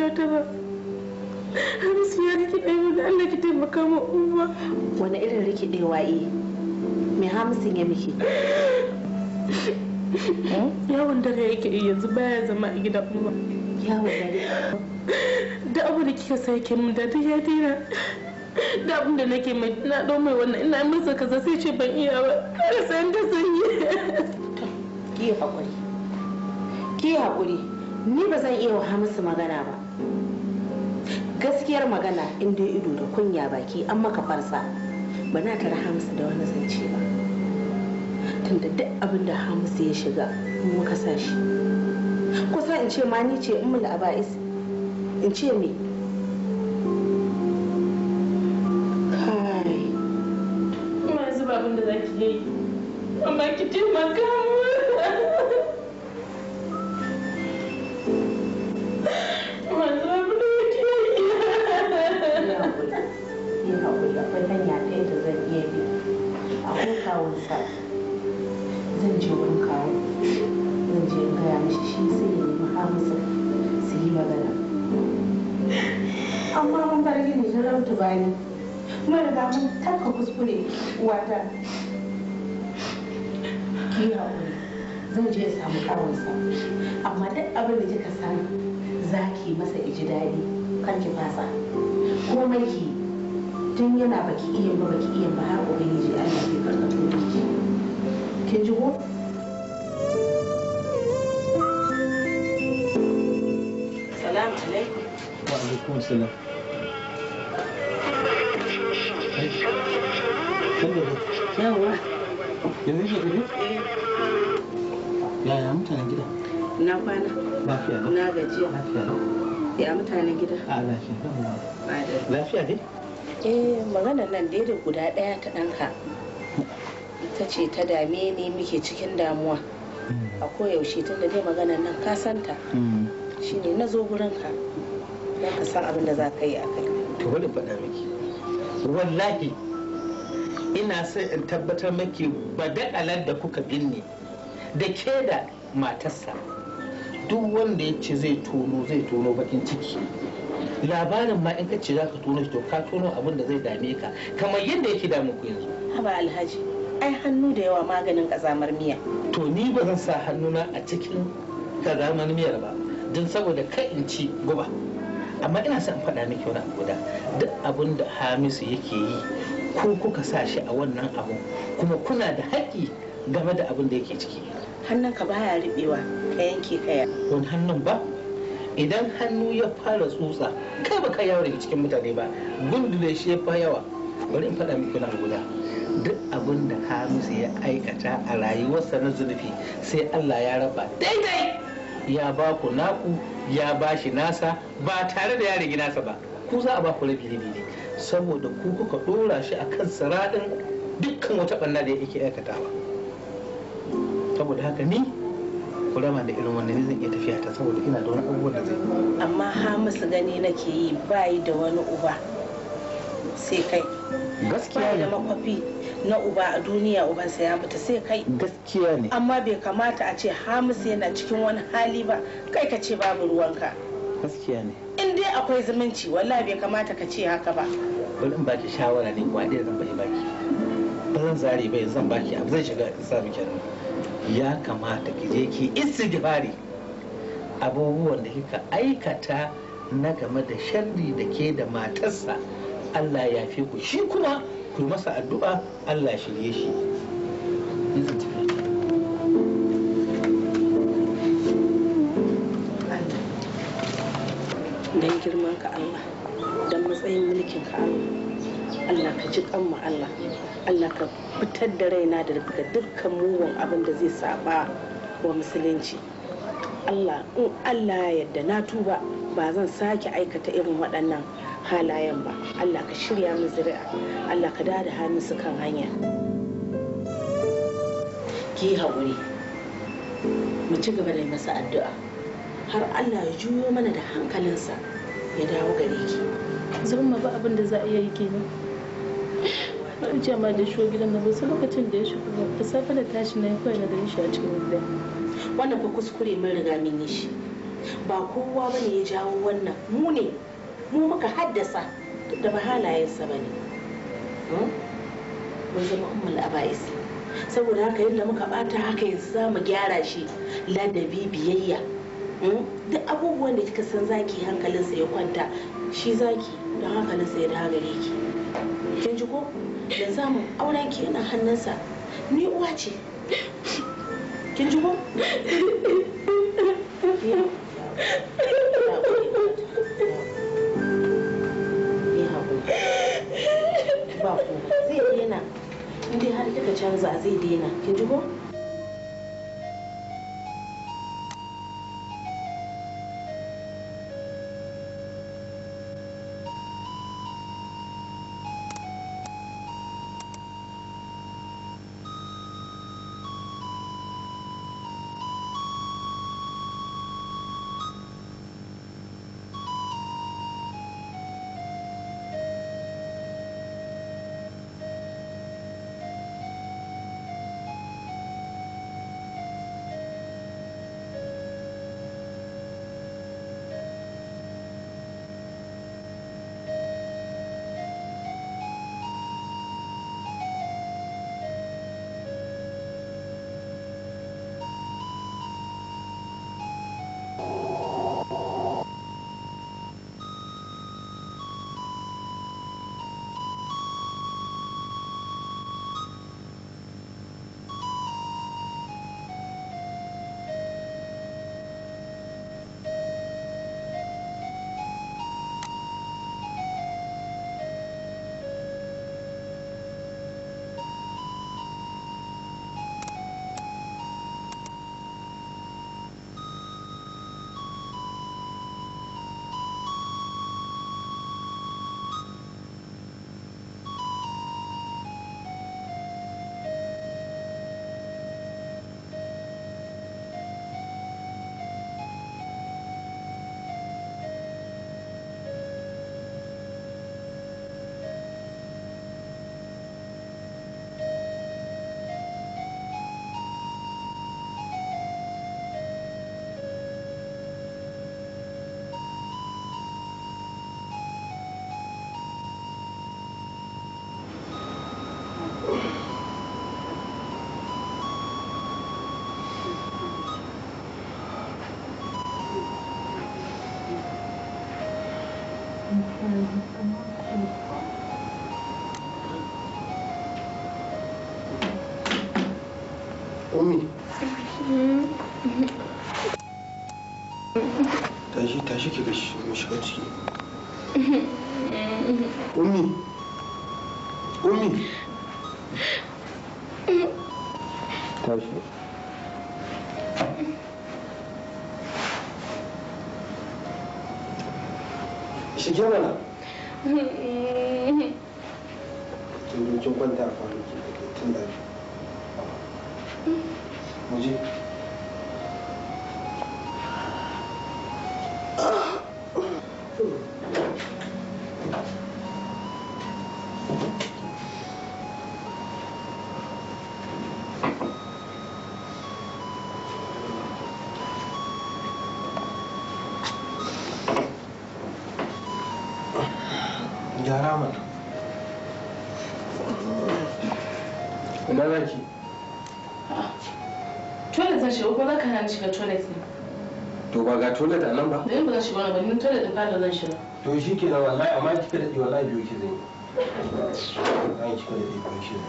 shirya ta har su ya rikide mu da allah ki taimaka ma umma wani irin ɗaya yi mai hamsin ya muke eh? yawon dare yake yi yanzu baya zama a gida umma yawon dare da abu da kika sai ke mun da duk ya dina da abin da nake mai na ɗau mai wannan ina masa kaza sai ce ban iya ba kada san da zan yi ki haƙuri ki haƙuri ni ba zan iya wa musu magana ba gaskiyar magana inda ido da kunya baki an maka farsa ba na tara hamsu da wani zance ba tunda duk abin da hamsu ya shiga in muka sa shi kusa in ce ma ni ce in mula aba'is in ce me kai yanzu zuba abin da za ki yi amma ki taimaka gaya mishi shi sai ya nemi hamsa su yi magana amma mun bar gini da jarabta bani mun riga mun tafka kuskure wata ki haƙuri zan je ya samu kawunsa amma duk abin da kika sani za ki masa iji daɗi kan ki fasa komai ki tun yana baki iya ba baki iya ba har ubangiji Allah ya karɓa kin ji ko Wa Yaya mutanen gida? Na kwana. Lafiya ne? Na gajiya. Lafiya ne? Ya mutanen gida? A lafiya. Lafiya ne? Eh maganar nan dai da guda ɗaya ta ɗanka. Ita ce ta dame ni muke cikin damuwa. A koyaushe tun da dai maganar nan ka santa. ne na zo gurinka. ka san abin da za ka yi a kai to faɗa miki wallahi ina sai in tabbatar maki badakalar da kuka binne da ke da matarsa duk wanda ya ce zai tono zai tono bakin ciki labarin ma in ka ce za ka tono shi to ka tono abin da zai dame ka kamar yadda yake damu ku yanzu haba alhaji ai hannu da yawa maganin kazamar miya to ni ba zan sa hannuna a cikin kazamar miyar ba don saboda kai in ci guba amma ina son faɗa miki wani abu da duk abin da hamisu yake yi ko kuka sa shi a wannan abu kuma kuna da haƙƙi game da abin da yake ciki hannun ka baya riɓewa ka yanke kaya wani hannun ba idan hannu ya fara tsutsa kai ba ka yawo daga cikin mutane ba gundule shi ya fa yawa bari in faɗa miki wani abu guda duk abin da hamisu ya aikata a rayuwarsa na zunubi sai allah ya raba daidai ya ba ku naku ya ba shi nasa ba tare da ya rigi nasa ba ku za a ba ku rabi ne saboda ku kuka dora shi a kan siradin dukkan wata ɓanna da yake aikatawa saboda haka ni ku rama da irin wannan zan iya tafiya ta saboda ina da wani abubuwan da zai amma ha musu gani nake yi bayi da wani uba sai kai gaskiya ne makwafi na uba a duniya ubansa ya mutu sai kai gaskiya ne amma bai kamata a ce hamisu yana cikin wani hali ba kai ka ce babu ruwanka gaskiya ne in dai akwai zumunci walla bai kamata ka ce haka ba bari baki shawara ne ba zan bai baki ba zan zare bai zan baki abu zai shiga sa miki ya kamata ki je ki istighfari abubuwan da kika aikata na game da sharri da ke da matarsa Allah ya fi ku shi kuma ku masa addu'a Allah shirye shi don girman ka Allah don matsayin mulkin ka Allah Allah ka ji kanmu Allah Allah ka fitar da raina daga dukkan mugun abin da zai saba wa musulunci Allah in Allah ya yarda na tuba ba zan sake aikata irin waɗannan halayen ba allah ka shirya min zuri'a allah ka dada hannu su kan hanya ki haƙuri mu ci gaba da masa addu'a har allah ya juyo mana da hankalinsa ya dawo gare ki zan ma ba abin da za a iya yi kenan an ce ma da shigo gidan nan wasu lokacin da ya shigo ba da safe da tashi na kawai na gani shi a cikin wanda wannan fa kuskure mun riga mun yi shi ba kowa bane ya jawo wannan mu ne mu muka haddasa duk da ba halayensa ba ne hmm? mun zama ummul aba'is saboda haka yadda muka bata haka yanzu za mu gyara shi ladabi biyayya hmm? duk abubuwan da kika san zaki hankalinsa ya kwanta shi zaki don hankalinsa ya dawo gare ki kin ji ko da zamu auren ki yana hannunsa ni uwa ce kin ji ko in dai har kika canza zai daina ki ji ko yo gyara mana ina za ki toilet zan shiga ko za ka hana shiga toilet ne to ba ga toilet a nan ba da yin ba za shiga wani ba ni toilet din fada zan shiga to shi ke nan wallahi amma kika daɗe wallahi biyu ki zai yi kika daɗe biyu ki zai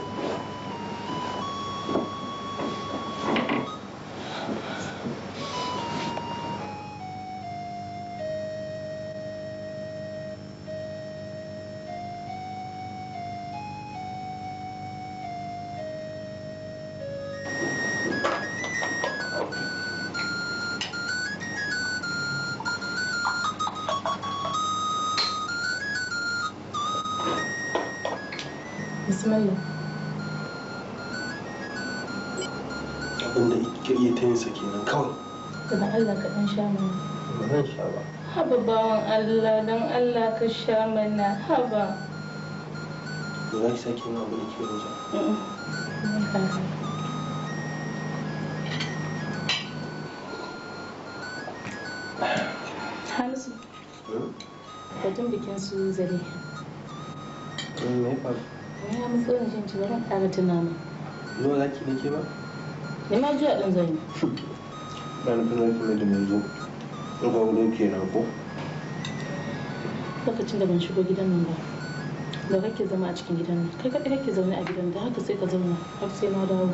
ka sha mana haba ba za ki sake wani abu da ke wajen Hamisu, batun hmm? bikin su zare. Eh, me faru? Ya musu irin jin ciwo ran ƙara tunanin. Zuwa za ki nake ba? Ni ma jiya ɗin zai. Ba na tunanin kuma da mai zo. Ɗaga wurin na ko? lokacin da ban shigo gidan nan ba da kake zama a cikin gidan nan kai kaɗai kake zaune a gidan da haka sai ka zauna har sai na dawo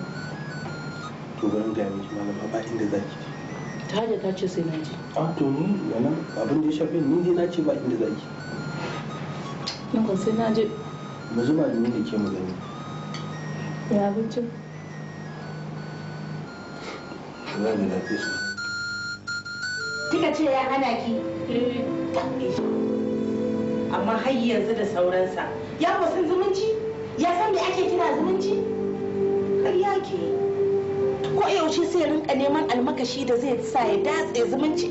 to garin gaya miki malama ba inda za ki ta hajja ta ce sai na ji a to ni wannan abin da ya shafi ni dai na ce ba inda za ki nan kan sai na je mu zuba da ni da ke mu gani ya abincin za mu lafiya kika ce ya hana ki eh. amma har yanzu da sauransa ya san zumunci ya san me ake kira zumunci ya ke ko yaushe sai rinka neman almakashi da zai sa ya datse zumunci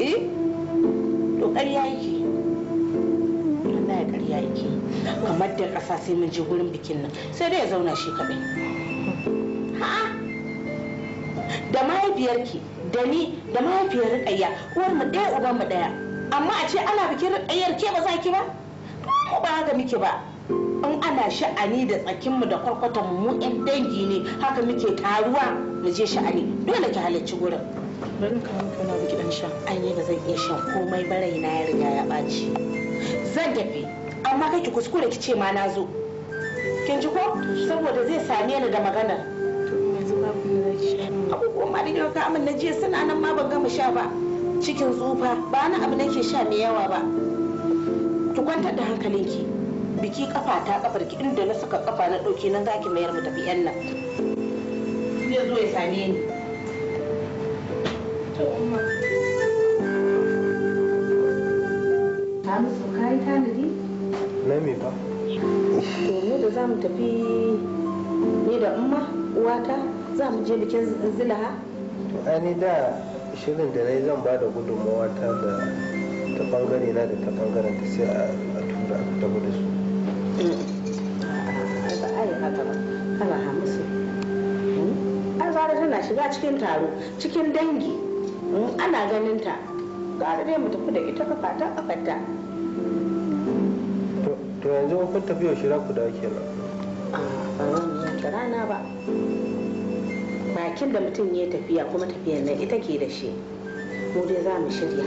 eh to ƙarya yake wallahi ƙarya yake kamar da ƙasa sai mun je gurin bikin nan sai dai ya zauna shi kaɗai da mahaifiyarki da ni da mahaifiyar riƙayya uwar mu ɗaya uban mu ɗaya amma a ce ana bikin rikayyar ke ba za ki ba ko ba haka muke ba in ana sha'ani da tsakinmu da kwarkwatan mu yan dangi ne haka muke taruwa mu je sha'ani dole ki halarci gurin bari ka na biki dan sha ai ne ba zan iya shan komai ba na ya riga ya ɓaci zan tafi amma kai ki kuskure ki ce ma na zo kin ji ko saboda zai same ni da maganar abubuwan ma da ka amin na jiya suna nan ma ban gama sha ba cikin tsufa ba na abu nake sha mai yawa ba ki kwantar da hankalinki biki kafa ta kafar ki inda na saka kafa na dauke nan zaki mayar mu tafi yan nan zai zo ya same ni to umma ta musu kai tanadi na me ba to da zamu tafi ni da umma uwata za mu je bikin zilaha to ani da shirin da na yi zan ba da gudunmawa ta da ta bangare na da ta bangaren da sai a tura a fita da su eh, ba a yi haka tana shiga cikin taro cikin dangi hmm? ana ganin ta gara dai mu tafi da ita kafa ta to yanzu kun tafi yau shira ku da kenan a ah, ba zan yi rana ba bakin da mutum ya tafiya kuma tafiyan nan ita ke da shi mu dai za mu shirya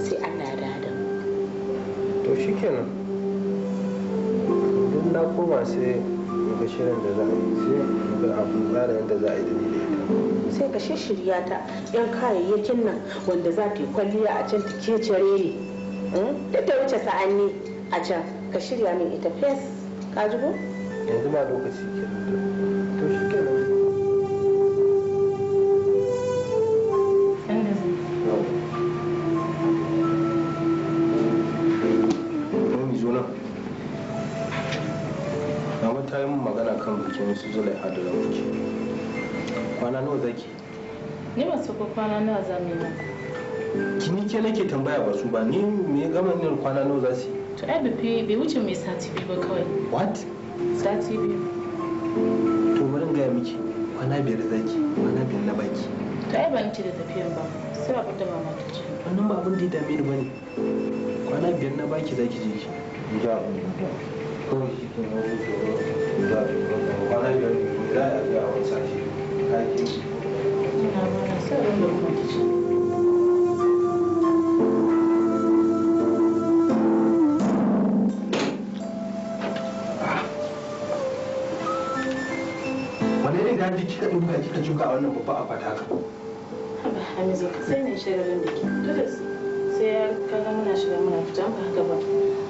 sai an da da to shi kenan duk na koma sai ga shirin da za a yi sai ga abu tsara yadda za a yi da ni ita sai ka shirya ta yan kayayyakin nan wanda za ta yi kwalliya a can ta kecere ne hmm? da wuce wuce sa'anni a can ka shirya min ita fes ka ji yanzu ma lokaci kenan to shi kenan kan bikin su zulaiha da rawanci kwana nawa zaki ni ba su kwana nawa za mu yi ki kini ke nake tambaya ba su ba ni me gama nin kwana nawa za su to ai bi fi bai wuce mai sati biyu ba kawai what sati biyu to bari gaya miki kwana biyar zaki kwana biyar na baki to ai ni ce da tafiyan ba sai ba da mama ta ce wannan ba abin da ya dame ni bane kwana biyar na baki zaki je ki ja kawai shi ke na wuce wurin da kwana biyar ne za a biya a wani a daji wannan babba a fata ka. Haba Hamizu, sai ne shagalin da ke. Dole sai ya kaga muna shiga muna fita ba haka ba.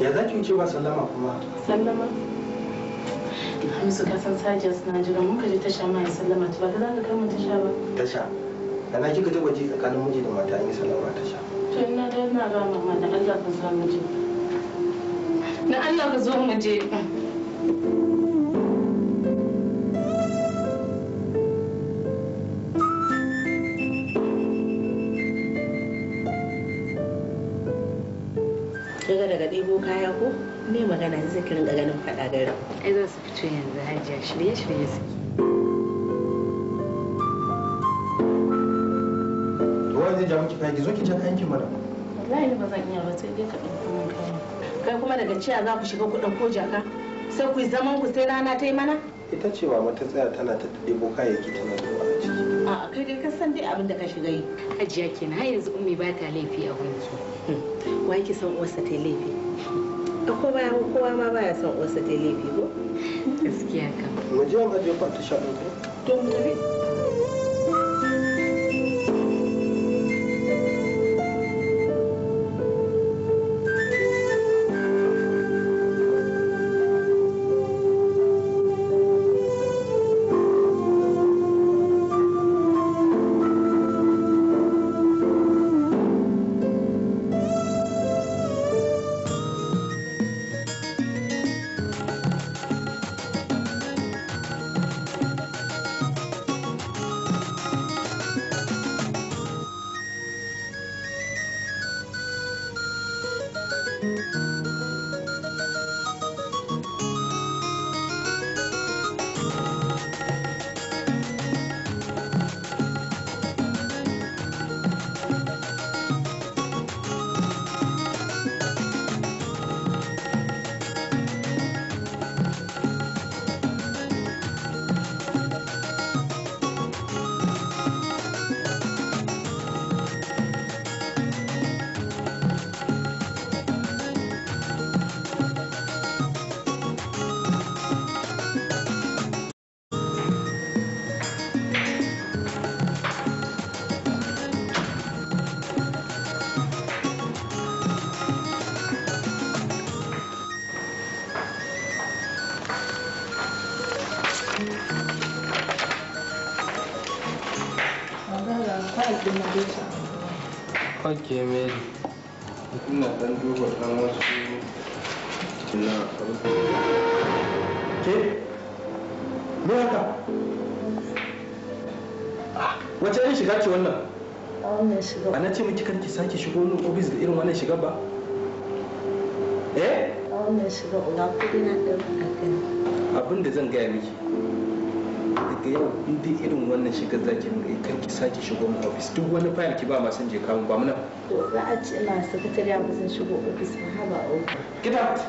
ya za ki ba sallama kuma sallama hamisu ka san sajiyar suna jira mun ka je tasha ma ya sallama ba ka za ka kama tasha ba tasha na kika taba ji tsakanin miji da mata an yi sallama tasha to ina da na ga mama da Allah ka zo mu je na Allah ka zo mu je kaya ko ne magana zai ki rinka ganin faɗa gari ai za su fito yanzu hajiya shirye shirye su wani zai ja miki kaya zo ki ja kayan ki madam wallahi ba zan iya ba sai dai ka ɗauko mun kai kuma daga ciya za ku shiga kuɗin ko jaka sai ku yi zaman ku sai rana ta yi mana ita ce ba mata tsaya tana ta ɗebo kayayyaki tana zuwa a ciki a kai dai ka san dai abin da ka shiga yi hajiya kenan har yanzu ummi ba ta laifi a wanki wai ki san uwarsa ta laifi o que kowa ma baya son uwarsa ta laifi ko gaskiya kam mu je mu aje kwanta sha ɗauka don ok mary ina dan duba dan wasu na ke me haka wace irin shiga ce wannan a na ce miki kar ki sake shigo mun ofis da irin wannan ba eh a wannan shiga kudi na abin da zan gaya miki daga yau in dai irin wannan shigar za ki rinka kar ki sake shigo mu office duk wani fayil ki ba ma sun je kawo ba muna to za a ce ma sakatariya ba musan shigo ofis ba haba ofis get out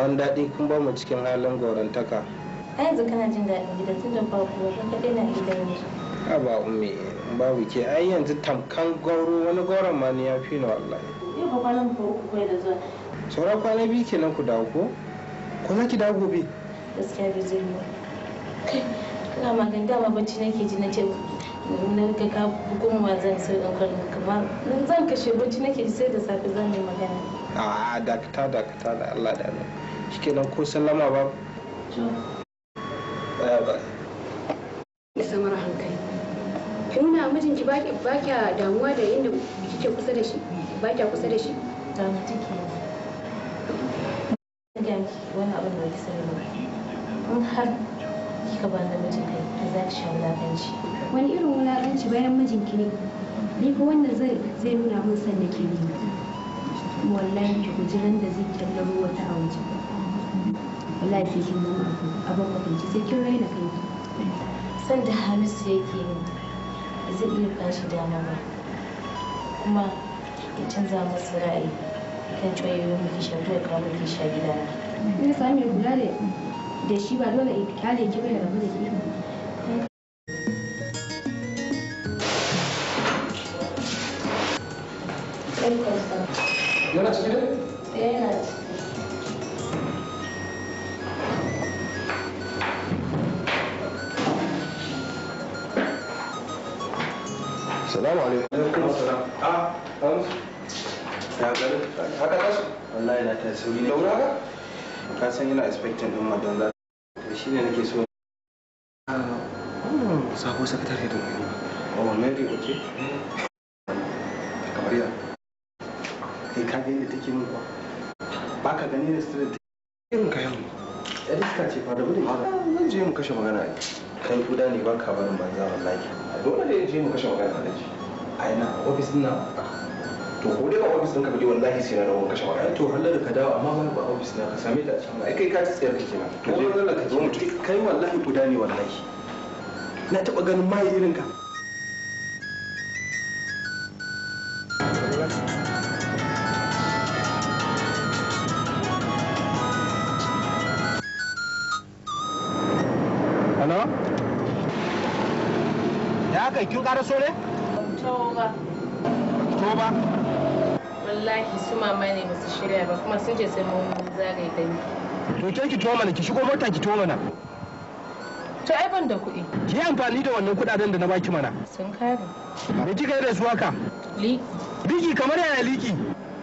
hausawan daɗi kun ba mu cikin halin gorantaka a yanzu kana jin daɗin gida tun da babu wani kaɗai na gidan yanzu a ba umme babu ke ai yanzu tamkan gauro wani gauron ma ni ya fi na wallahi yau ba kwanan ko uku kai da zuwa sauran kwana biyu kenan ku dawo ko ko za ki dawo gobe gaskiya bai zai yi kai ina magan dama bacci nake ji na ce na ga ka goma zan sai dan kwanan kamar zan kashe bacci nake ji sai da safe zan yi magana a dakata dakata da Allah da Allah shikenan ko sallama ba baya ba da samar hankali nuna mijinki ba kya damuwa da yadda kike kusa da shi ba kya kusa da shi wani abin da kisa ba. in har kika ba na mijin kai za ki sha wulakanci wani irin wulakanci bayan mijinki ne ni ko wanda zai nuna mun san da ke ne wallahi ki guji da zai ruwa wata a waje wallahi sai kin zama abin mutunci sai kin raina kanki san da hamisu yake yi ba zai iya bashi dama ba kuma ya canza masu ra'ayi kan cewa yau shafi da kawo muke sha gida na ina sami kula da shi ba dole in kyale ki bai rabu da ke Yana cikin? Eh, yana cikin. sauri laura ba ka san yana expecting din madan za ta shi ne nake so ah, sako sakatare da wani ba oh mary okay kamar ya kai ka ga inda take min kwa ba ka gani da street irin kayan ya iska ce fa da gudun ba ah, zan je mu kashe magana ne kai da ne ba ka barin banza wallahi dole ne je mu kashe magana da shi a ina ofis din na ah. to ko dai ba ofis ɗinka bude wallahi sai na dawo kashe wani to hallar ka dawo amma ba ba ofis na ka same ta a can ai kai ka ci tsayar kake kenan to je Allah ka zo mutum kai wallahi guda ne wallahi na taba ganin mai irin ka Hello? Da aka yi kin ƙara so ba. Toba. ba. su mama ne ba su shirya ba kuma sun ce sai mun zagaye gani to ke ki tuwo mana ki shigo mota ki tuwo mana to ai ban da kuɗi ki yi amfani da wannan kuɗaɗen da na baki mana sun kare me kika yi da su haka liki liki kamar yaya liki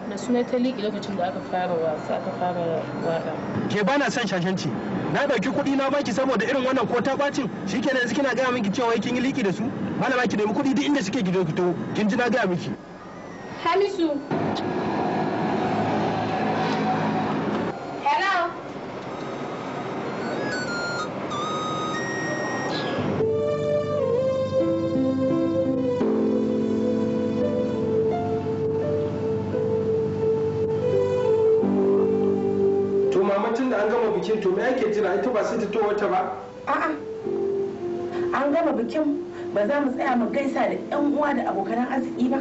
da suna ta liki lokacin da aka fara wasa aka fara waka ke na son shashanci na ɗauki kuɗi na baki saboda irin wannan ko ta bacin shikenan yanzu kina gaya miki cewa kin yi liki da su malama ki nemi kuɗi duk inda suke gido ki to kin ji na gaya miki Hamisu. ga ita ba sai ta to wata ba a'a an gama bikin ba za mu tsaya mu gaisa da yan uwa da abokan arziki ba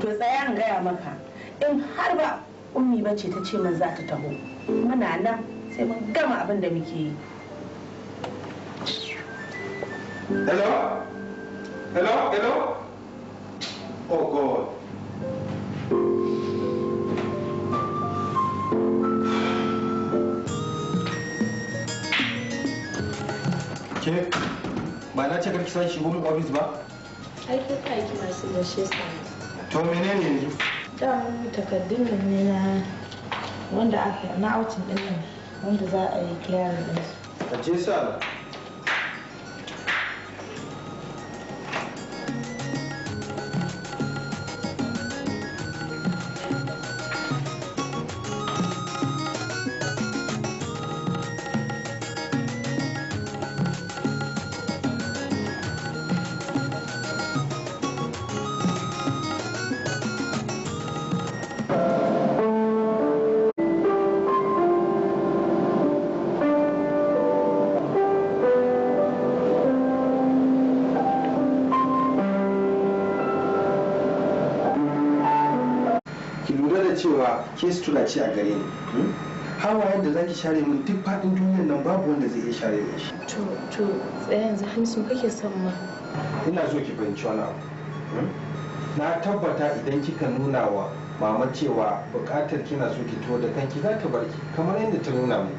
to tsaya an gaya maka in har ba ummi ba ce ta ce min za ta taho muna nan sai mun gama abin da muke yi hello hello hello oh god ke ba na ce karki sashi gumin ofis ba ai ka masu da shi to menene yanzu dan takardun nan ne na wanda aka na outing din nan wanda za a yi clearing din su ka ce sa ke sutura ce a gare ni hmm? hawayen da zaki share min duk faɗin duniyar nan babu wanda zai iya share mun shi to to tsaya yanzu kake son ma ina so ki fahimci wani abu hmm? na tabbata idan kika nuna wa mama cewa bukatar kina so ki to da kanki za ta barki kamar yadda ta nuna mu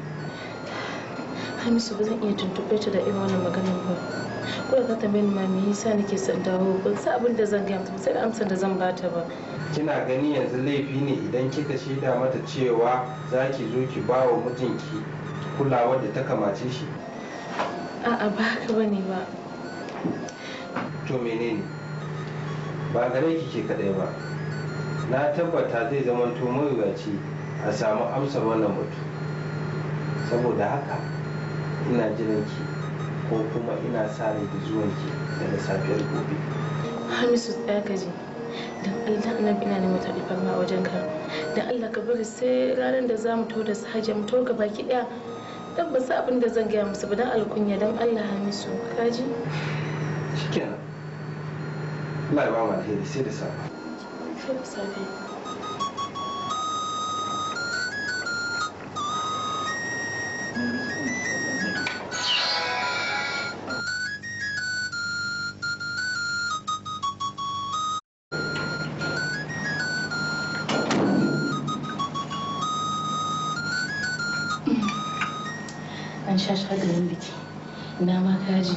hamisu ba zan iya tuntuɓe ta da irin wannan maganar ba ko ka tambayi ni ma me yasa nake son dawo ban san abin da zan gaya mata sai amsar da zan bata ba kina gani yanzu laifi ne idan kika shaida mata cewa za ki zo ki ba wa mijinki kulawar da ta kamace shi a'a ba haka bane ba to menene ba gare ki ke kadai ba na tabbata zai zamanto mawuyaci a samu amsar wannan mutum saboda haka ina jiran ki ko kuma ina sa rai da zuwan ki daga safiyar gobe hamisu tsaya ka ji don allah bina ina mata da farma wajen ka Dan allah ka bari sai ranar da za mu to da sahaja mu to gaba ki daya dan ba su abin da zan gaya musu ba don alkunya don allah hamisu ka ji shikenan Allah ya ba mu alheri sai da safe sai da safe kaji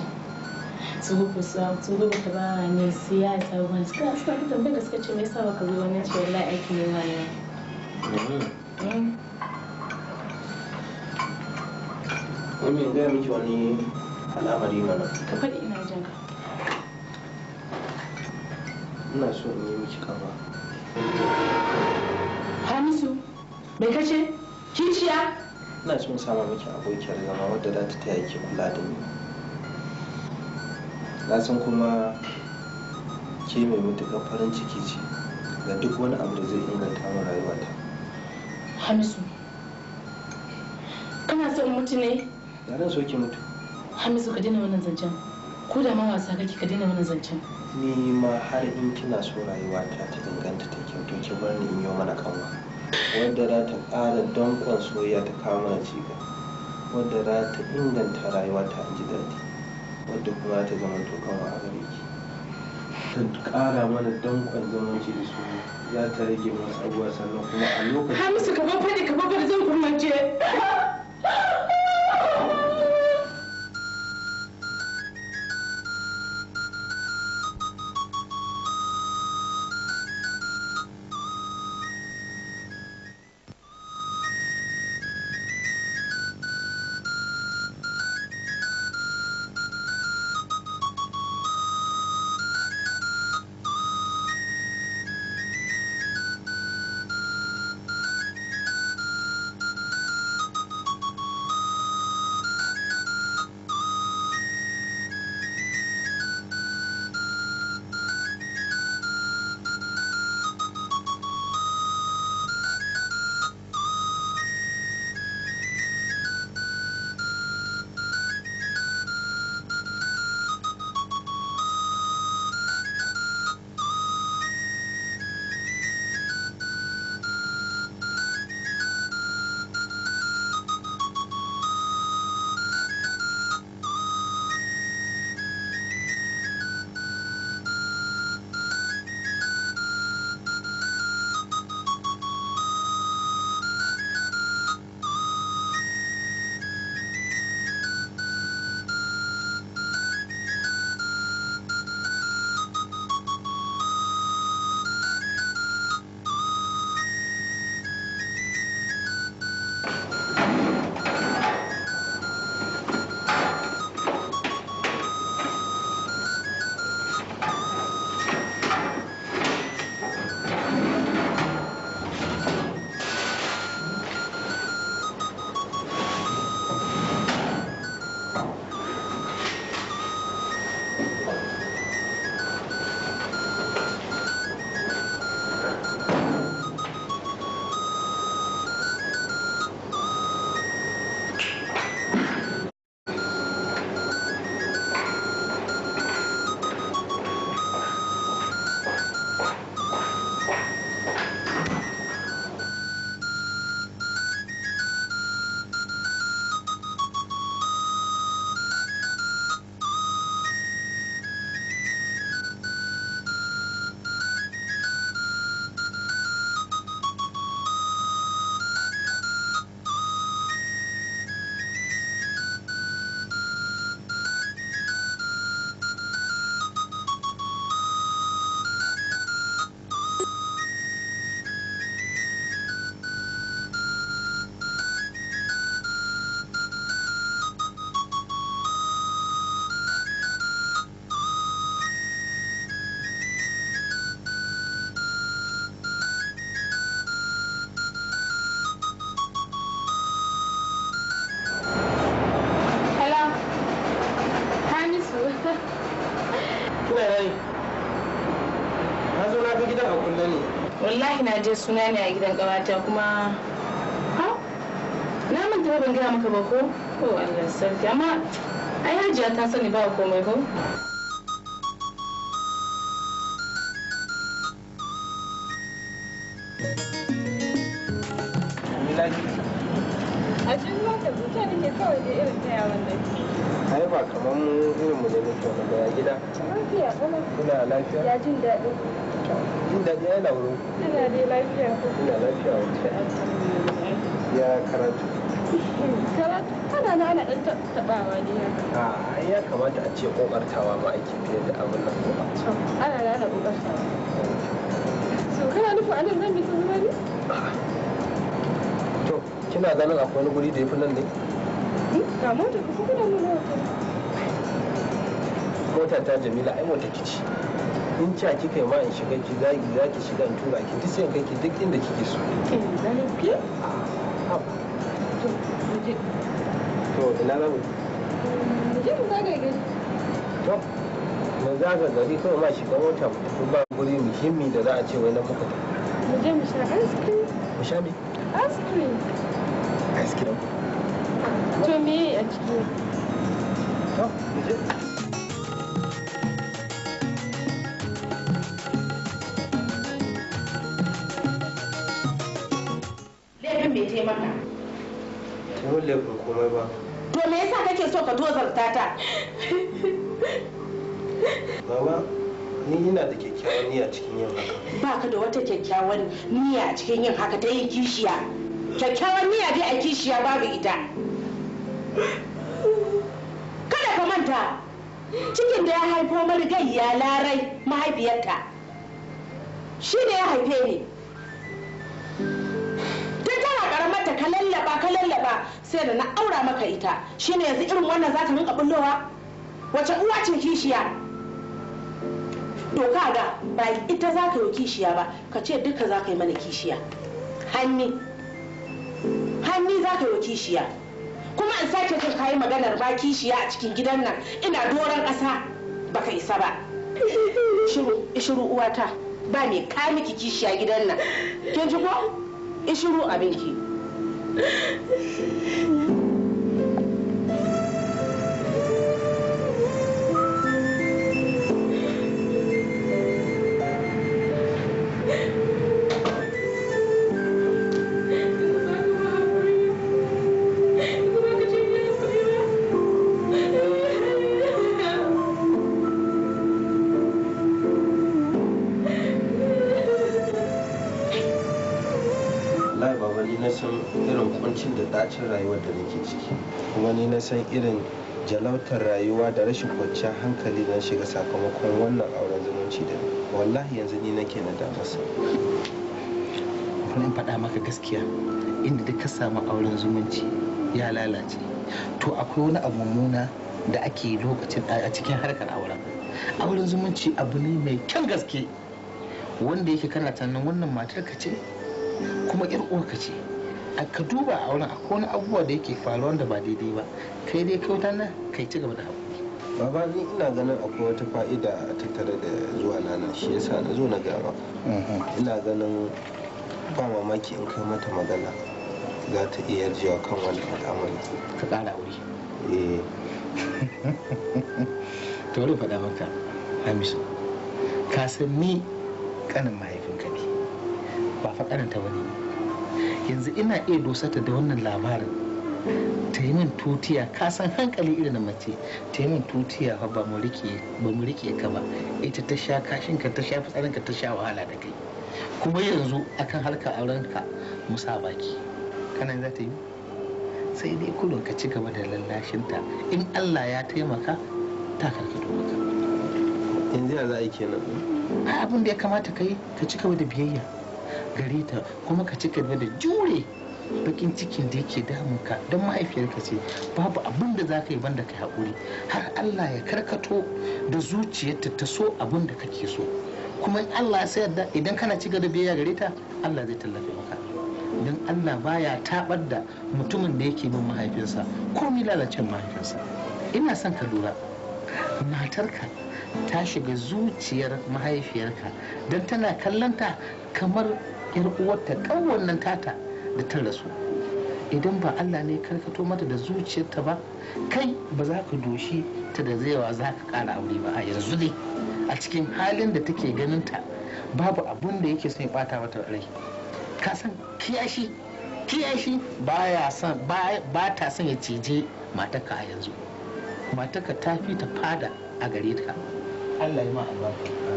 tsoho ku sa ta ba ne sai ya ta suka suka tambaye suka ce me yasa zo ce wallahi aiki ne ma ne miki wani al'amari mana ina so son sama miki abokiyar zama wadda za ta taya ki kula da ni na san kuma ke mai matuƙar farin ciki ce ga duk wani abu da zai inganta min rayuwata hamisu kana son mutu ne na so ki mutu hamisu ka daina wannan zancen ko da ma wasa kake ka daina wannan zancen ni ma har in kina so rayuwata ta inganta ta ke to ki bar ni in yi mana kanwa wadda za ta ƙara danƙon soyayya ta kawo mana cigaba wadda za ta inganta rayuwata in ji daɗi wadda kuma za ta zama kanwa a gare ki ta ƙara mana danƙon zamanci da su za ta rage masu abubuwa sannan kuma a lokacin ka hamisu kamar fadi kamar bar zan kuma ke dai suna ne a gidan kawata kuma ha na manta ban gaya maka ba ko oh Allah sarki amma ai hajiya ta sani ba komai ko a cikin mata zuciya da kawai da irin ta yawan da ai ba kamar irin mu da muke wani gida lafiya lafiya ya jin daɗi jin daɗi yana ya karatu a ya kamata a ce ƙoƙartawa ma ake fiye da abin na ana ƙoƙartawa kana nufin anan zan bi ta to kina ganin akwai wani guri da ya fi nan ne hmm? ga mota ka fi wata mota ta jamila ai mota kici in ca kika yi ma in shiga ki zagi za ki shiga in tura ki duk kai ki duk inda kike so ke zarafi ah, to ina za mu mm, je mu zaga gari to mu zaga gari kawai ma shiga mota mu tafi ba guri muhimmi da za a ce wai na muka tafi mu je mu sha ice cream mu sha me ice cream ice cream to me a ciki to mu komai ba to me yasa kake so ka tozarta ta baba ni ina da kyakkyawan niyya cikin yin haka ba ka da wata kyakkyawan niyya cikin yin haka ta yin kishiya kyakkyawan niyya dai a kishiya babu ita kada ka manta cikin da ya haifo marigayya larai mahaifiyarta shi ne ya haife ni ta ka lallaba ka lallaba sai da na aura maka ita shine yanzu irin wannan za ta rinka bullowa wace uwa ce kishiya to kaga ba ita za ka yi kishiya ba ka ce duka za ka yi mana kishiya hanni hanni za ka yi kishiya kuma in sake jin yi maganar ba kishiya a cikin gidan nan ina doron ƙasa ka isa ba shiru uwata ba mai kamiki kishiya gidan nan kin ji ko ishiru abinki すいません。kuncin rayuwar da nake ciki kuma ni na san irin jalautar rayuwa da rashin kwanciyar hankali na shiga sakamakon wannan auren zumunci da wallahi yanzu ni nake na damasa kuma faɗa maka gaskiya inda duk ka samu auren zumunci ya lalace to akwai wani abu mummuna da ake lokacin a cikin harkar auren auren zumunci abu ne mai kyan gaske wanda yake kana tannan wannan matar ka ce kuma 'yar ka ce a ka duba a wurin akwai wani abubuwa da yake faruwa da ba daidai ba kai dai kyauta na kai ci gaba da haƙuri baba ni ina ganin akwai wata fa'ida a tattare da zuwa nana shi yasa na zo na gaba mhm. ina ganin ba mamaki in kai mata magana za ta iya yarjewa kan wani al'amari ka ƙara wuri eh to faɗa maka hamisu ka san ni ƙanin mahaifinka ne ba fa kanin ta wani ne yanzu ina iya dosata da wannan labarin ta yi min tutiya ka san hankali irin mace ta yi min tutiya ba mu rike ka ba ita ta sha kashinka ta sha fitsarinka ta sha wahala da kai kuma yanzu akan harka aurenka musa baki kana za ta yi sai dai kudin ka ci gaba da lallashinta in allah ya taimaka ta karkato maka yanzu ya za a yi kenan abin da ya kamata ka yi ka ci gaba da biyayya gare ta kuma ka cika da jure bakin cikin da yake damun ka don mahaifiyarka ce babu abin da za ka yi banda ka haƙuri har Allah ya karkato da zuciyarta ta so abin da kake so kuma Allah ya sayar da idan kana ci gaba biyayya gare ta Allah zai tallafe maka don Allah baya tabar da mutumin da yake bin mahaifinsa ko mi lalacin mahaifinsa ina son ka lura matarka ta shiga zuciyar mahaifiyarka don tana kallonta kamar yar uwarta nan tata da ta rasu idan ba Allah ne karkato mata da zuciyarta ba kai ba za ka doshi ta da zaiwa za ka kara aure ba a yanzu ne a cikin halin da take ganin ta babu abun da yake son ya bata mata rai ka san kiyashi kiyashi baya ba ta son ya cije mataka a yanzu mataka ta fi ta fada a gare ka Allah ya ma albarka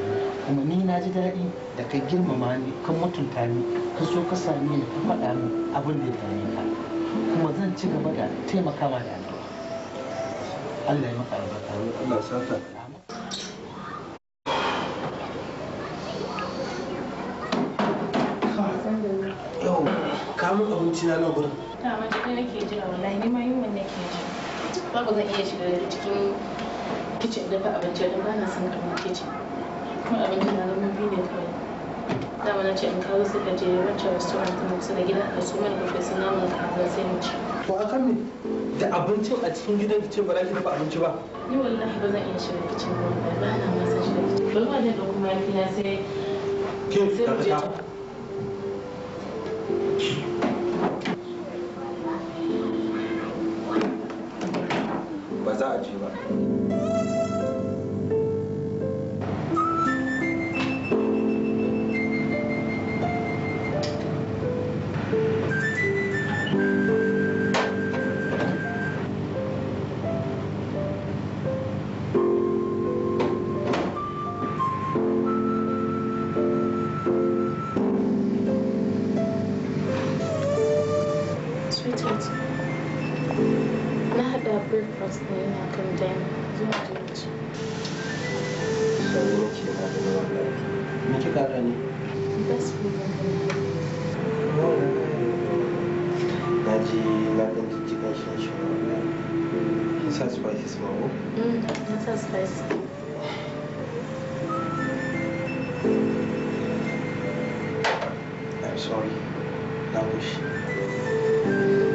kuma ni na ji daɗi da ka girmama ni ka mutunta ni ka so ka sami ni ka faɗa min abin da ya dame ka kuma zan ci gaba da taimakawa da addu'a Allah ya maka albarka Allah saka yau kamun abinci na nan gurin ta ma cikin nake jira wallahi ni ma yunwa nake ji babu zan iya shiga cikin kicin dafa abinci da ba na son kamar kicin kuma abinci na zama biyu ne kawai dama na ce in kawo su ka je wancan restaurant na kusa da gida ka su mana kafe su namun kaza sai mu ci. to akan ne? da abincin a cikin gidan ki ce ba za ki dafa abinci ba. ni wallahi ba zan iya shiga kicin ba ba na masa shiga kicin ba ma je da kuma na sai. ke ka ba za a je ba. haka ne na ji na ɗan jijjigan shi shi kin sa spices ma ko? Mm, na sa spices I'm sorry na kushi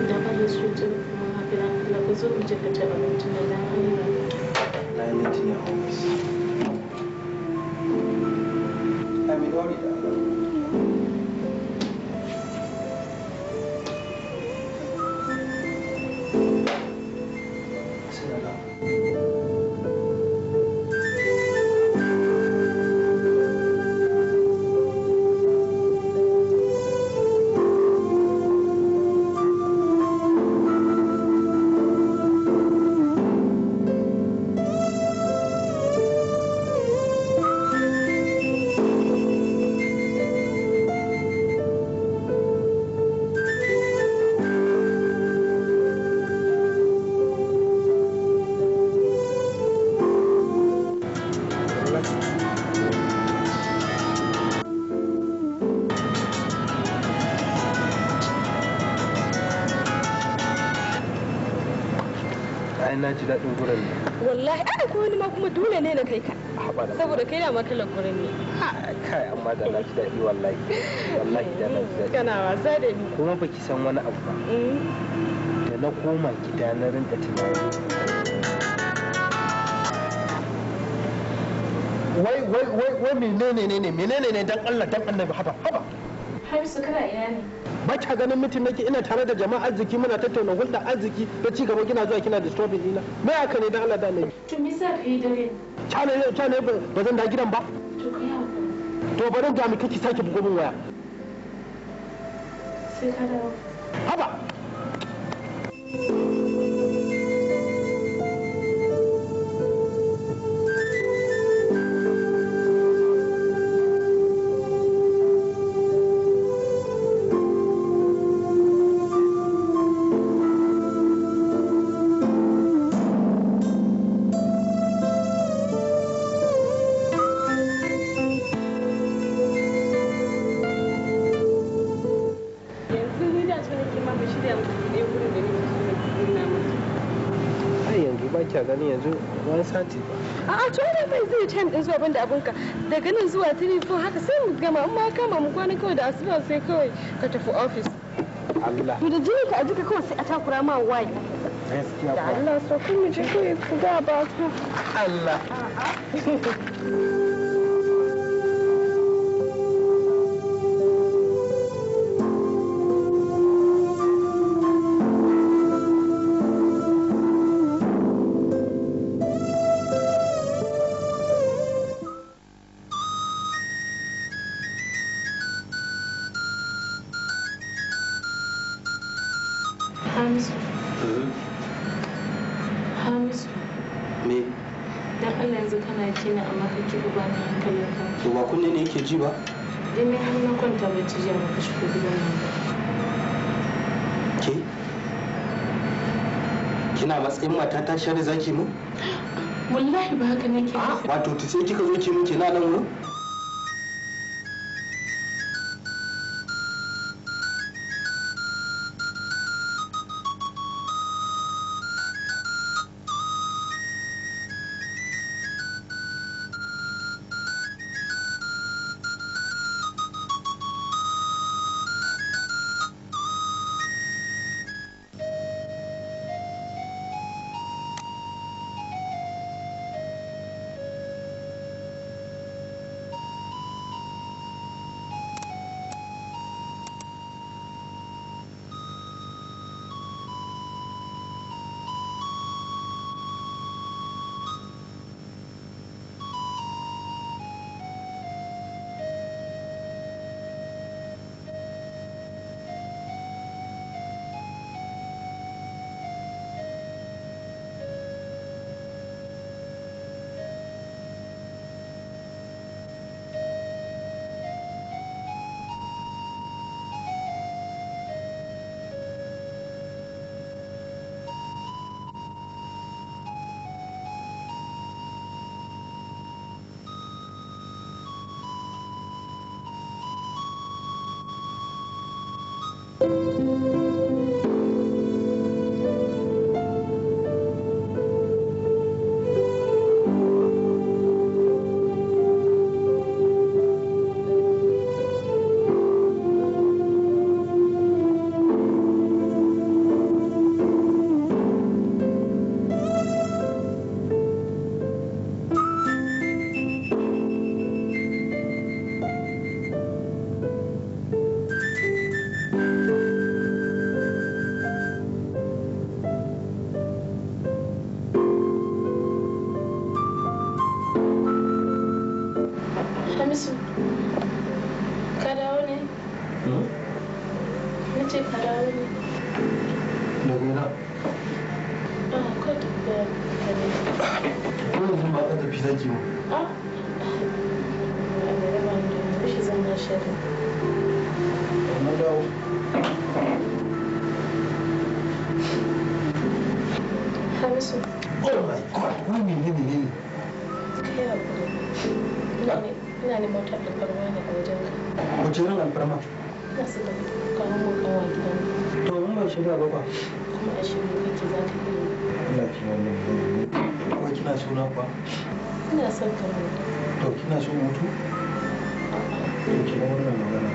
da mm, ba da su jin kuma hafi na kula mu je ka mutum da dama ne na yi na tinya office Gloria. na ji daɗin gurin nan wallahi ana ko wani ma kuma dole ne na kai ka saboda kai da ma kalan gurin ne kai amma da na ji daɗi wallahi wallahi da na ji daɗi kana wasa da ni kuma baki san wani abu ba mm. da na koma gida na rinka tunani wai wai wai wai menene ne ne menene ne dan Allah dan Annabi haba haba hamisu kana ina ne ba ganin mutum nake ina tare da jama'a arziki muna tattauna hulɗa arziki da ci gaba kina zuwa kina disturbing ina me aka ne dan Allah da ne to me sa kai dare kyale kyale ba zan da gidan ba to kai to bari ga mu kike saki bugo min waya sai ka dawo haba zuwa banda abinka daga nan zuwa tiri ko haka sai mu gama amma kama mu kwana kawai da asuba sai kawai ka tafi ofis Allah da jini ka ajika kawai sai a takura ma wai da Allah so kun mu je kawai ku ga ba ku Allah ci ba? Dai eh, Dame hannun kwanta ci jiya ba ka shigo gidan nan ba. Ke? Kina matsayin mata ta shari zaki mu? Wallahi ba haka nake. Ah, wato ta sai kika zo ki mun kina nan wurin? shekara bakwai kuma a shirin kake za ka yi kuma kina so na kuwa ina son ka mutu to kina so mutu to kina wannan magana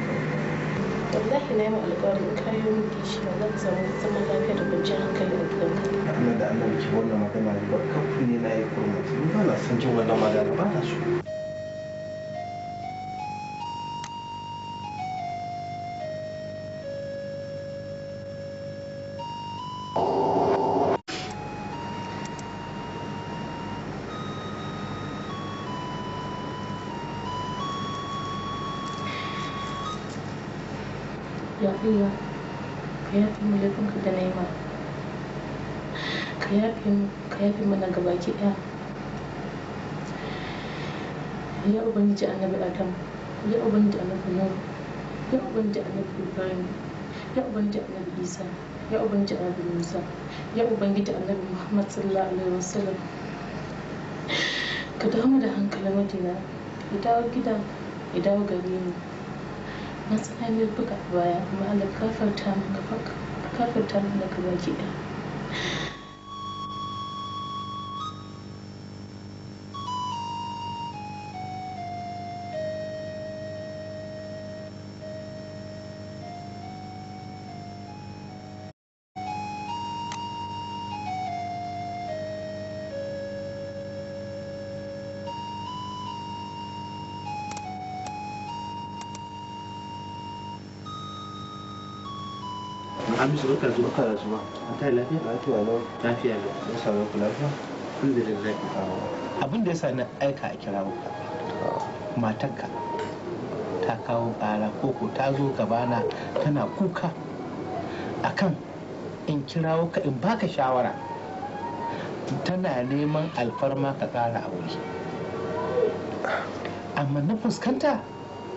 wallahi na yi mu alƙawarin ka yi muke shi ba zan samu zaman lafiya da kwanciyar hankali a gidan ka Allah da Allah ki wannan magana ba kafin ne na yi kurma ba na san jin wannan magana ba na so ce annabi adam ya ubanta annabi nuh ya ubanta annabi ibrahim ya ubanta annabi isa ya ubanta annabi musa ya ubangiji annabi muhammad sallallahu alaihi wasallam ka damu da hankalin madina ya dawo gida ya dawo gare ni na tsanani buga baya amma allah kafarta min da ka baki ɗaya Hamisu baka zuwa. Baka zuwa. An tayi lafiya? Lafiya lau. Lafiya lau. Mun same ku lafiya? Alhamdulillah. Abin da ya sa na aika a kirawo ka. Matarka ta kawo kara ko ko ta zo gabana tana kuka akan in kirawo ka in baka shawara tana neman alfarma ka kara a wuri Amma na fuskanta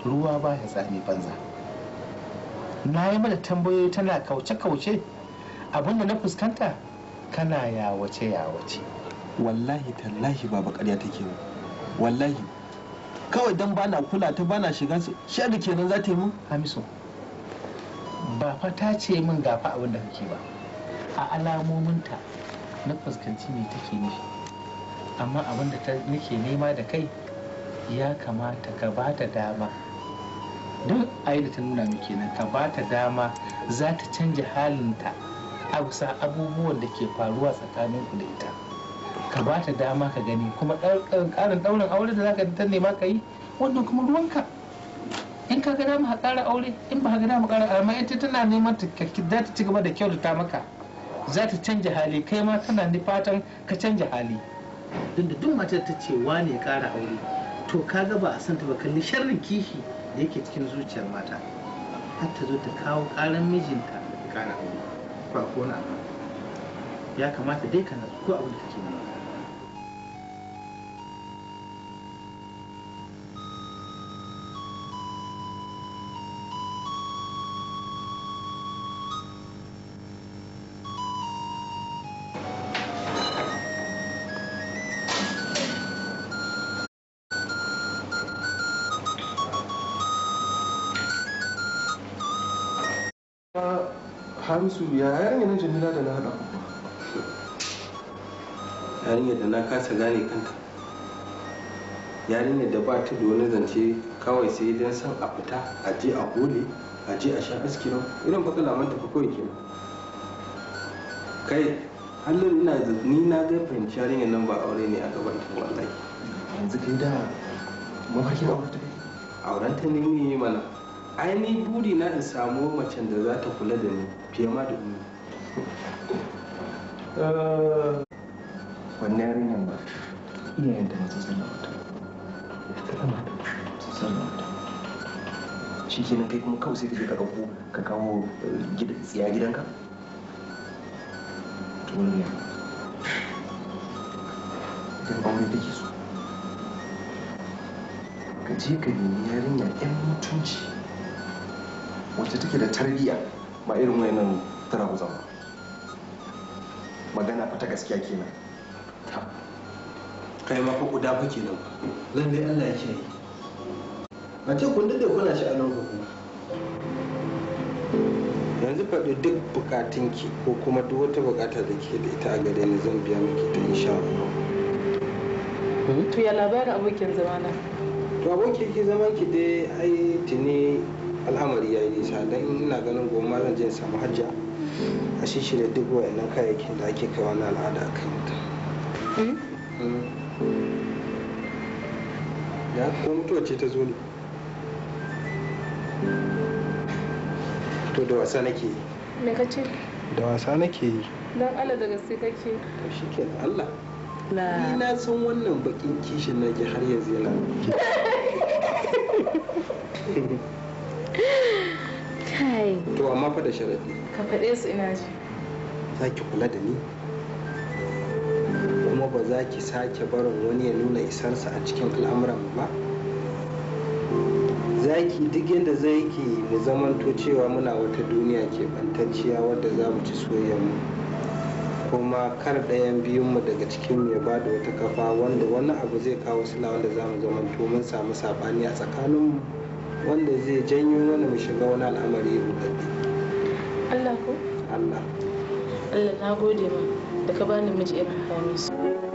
ruwa ba ya tsami banza. na yi mata tambayoyi tana kauce-kauce abinda na fuskanta kana yawace yawace wallahi tallahi baba ƙarya take mu wallahi kawai dan bana kula ta bana shiga su shaɗi kenan za ta yi mun hamisu ba fa ta ce min gafa abin da kake ba a alamominta na fuskanci ne take nufi amma abin da nake nema da kai ya kamata ka ba ta dama duk ayi da ta nuna mu kenan ka ba ta dama za ta canja halinta a bisa abubuwan da ke faruwa tsakanin ku da ita ka ba ta dama ka gani kuma ƙarin ɗaurin aure da za ka ta nema ka yi wannan kuma ruwanka in ka gada maka ƙara aure in ba ka gada maka ƙara amma ita tana neman ta za ta ci gaba da kyau ta maka za ta canja hali kai ma tana ni fatan ka canja hali duk da duk matar ta ce wane ya ƙara aure to ka ba a santa ba kalli sharrin kishi da yake cikin zuciyar mata har ta zo ta kawo karan mijinta da ƙara aure ba ko na ya kamata dai ka nasu ko abin da kake nema su ya yarinya na jamila da na haɗa ku yarinya da na kasa gane kanta yarinya da ba ta da wani zance kawai sai don san a fita a je a gole a je a sha askira irin baka lamanta ka kawai kenan kai hannun ina ni na ga fahimci yarinya nan ba aure ne a gaban ta wallahi yanzu kai da mafarki a wata auren ta ne ne mana ainihin buri na in samu macen da za ta kula da ni kema da ni eh, wannan yarinyar ba iyayen da masu sallah wata ta zama wata shi kenan kai kuma kawai sai ka je ka ɗauko ka kawo eh, tsiya gidanka wani yamma idan aure take so ka je ka nemi yarinya 'yan mutunci wacce take da tarbiyya ma irin wayannan tarabuzan ba magana fa ta gaskiya kenan kai ma ko guda kuke kenan zan dai Allah ya kiyaye a ce kun dade kuna shi a nan ku yanzu faɗi duk bukatunki ko kuma duk wata bukata da ke da ita a gare ni zan biya miki ta insha Allah to ya labarin abokin zamana to abokin ki zaman ki dai ai tuni al'amari ya yi nisa don ina ganin goma zan je samu hajja a shi da duk wayannan kayayyakin da ake kai wani al'ada a kan mutum hmm? Hmm. ya ko mutuwa ce ta zo ne to da wasa nake yi me ka ce da wasa nake yi don allah da gaske kake to shi ke allah ni na san wannan bakin kishin nake har yanzu yana kai to amma fa da sharadi ka faɗe su ina ji za ki kula da ni kuma ba za ki sake barin wani ya nuna isarsa a cikin al'amuran ba za ki duk yadda zai ke mu zamanto cewa muna wata duniya ke bantacciya wadda za mu ci mu. kuma kar ɗayan biyunmu daga cikin ya ba da wata kafa wanda wani abu zai kawo suna wanda za mu zamanto mun samu saɓani a tsakaninmu wanda zai janyo mana mu shiga wani al'amari rudaddi Allah ko Allah Allah na gode ma da ka bani miji irin hannu.